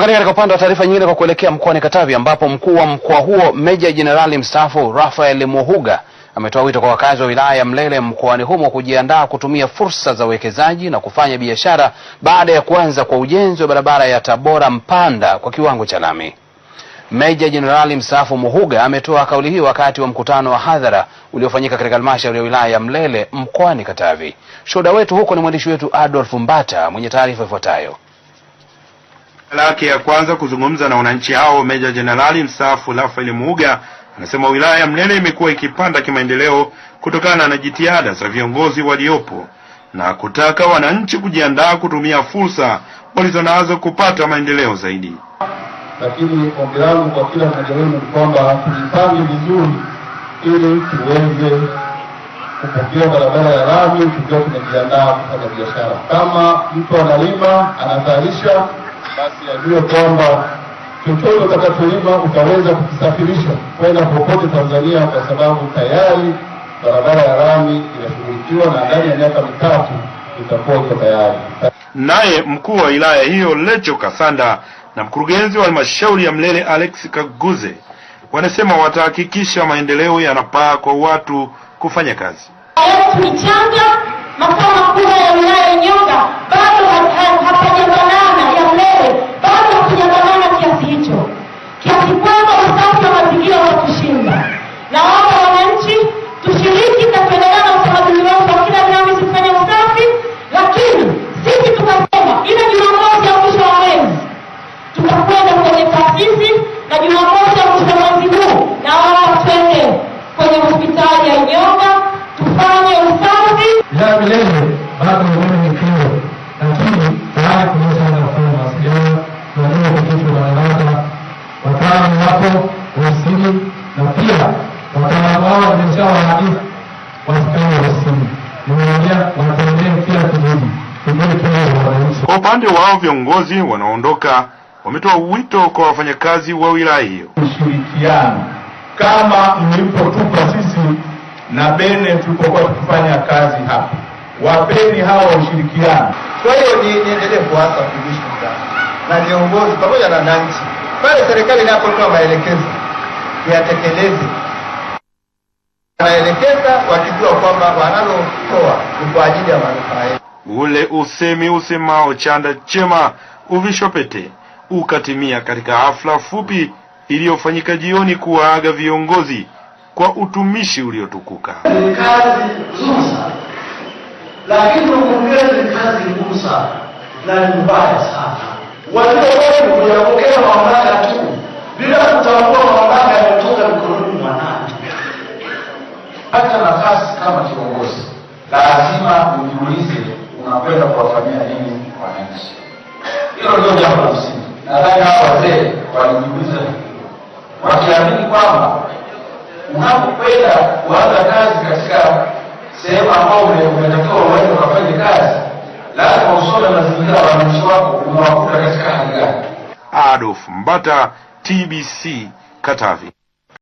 Kutoka katika upande wa taarifa nyingine, kwa kuelekea mkoani Katavi ambapo mkuu wa mkoa huo Meja Jenerali mstaafu Rafael Muhuga ametoa wito kwa wakazi wa wilaya ya Mlele mkoani humo kujiandaa kutumia fursa za uwekezaji na kufanya biashara baada ya kuanza kwa ujenzi wa barabara ya Tabora Mpanda kwa kiwango cha lami. Meja Jenerali mstaafu Muhuga ametoa kauli hiyo wakati wa mkutano wa hadhara uliofanyika katika halmashauri ya wilaya ya Mlele mkoani Katavi. Shuhuda wetu huko ni mwandishi wetu Adolf Mbata mwenye taarifa ifuatayo lake ya kwanza kuzungumza na wananchi hao, Meja Jenerali mstaafu Rafael Muga anasema wilaya ya Mlele imekuwa ikipanda kimaendeleo kutokana na jitihada za viongozi waliopo na kutaka wananchi kujiandaa kutumia fursa walizonazo kupata maendeleo zaidi. Lakini ombi langu kwa kila mmoja wenu ni kwamba tujipange vizuri ili tuweze kupokea barabara ya lami tukiwa tunajiandaa kufanya biashara. Kama mtu analima anazalisha yaliyo kwamba chochote utakachoiba utaweza kukisafirisha kwenda popote Tanzania, kwa sababu tayari barabara ya lami inashughulikiwa na ndani ya miaka mitatu itakuwa iko tayari. Naye mkuu wa wilaya hiyo Lecho Kasanda na mkurugenzi wa halmashauri ya Mlele Alex Kaguze wanasema watahakikisha maendeleo yanapaa kwa watu kufanya kazi. Michanga makao makubwa ya wilaya Inyonga ya vilevile bado umeme ni kio, lakini kuweza na kufanya mawasiliano na na wataalamu na pia wataalamu hao wameshawaarifu wasikani kijiji kijiji wananchi. Kwa upande wao viongozi wanaondoka wametoa wito kwa wafanyakazi wa wilaya hiyo ushirikiano kama mlipotupa sisi na Bene tulipokuwa tukifanya kazi hapa wapeni hawa ushirikiano. Kwa hiyo ni kuwasa hasa watumishi na viongozi pamoja na wananchi, pale serikali inapotoa maelekezo yatekeleze, anaelekeza wakijua kwamba wanalotoa ni kwa ajili ya manufaa yetu. Ule usemi usemao chanda chema uvishopete ukatimia katika hafla fupi iliyofanyika jioni kuwaaga viongozi kwa utumishi uliotukuka. Kazi nzuri lakini kuongea ni kazi ngumu sana na ni mbaya sana. Walio wengi huyapokea mamlaka tu bila kutambua mamlaka yametoka mikononi mwa nani. Hata nafasi kama kiongozi, lazima ujiulize unakwenda kuwafanyia nini wananchi. Hilo ndio jambo la msingi. Nadhani hawa wazee walijiuliza wakiamini kwamba unapokwenda kuanza kazi katika sehemu ambao umetakiwa uende ukafanye kazi, lazima usome mazingira ya wananchi wako unawakuta katika hali gani. Adolf Mbata, TBC Katavi.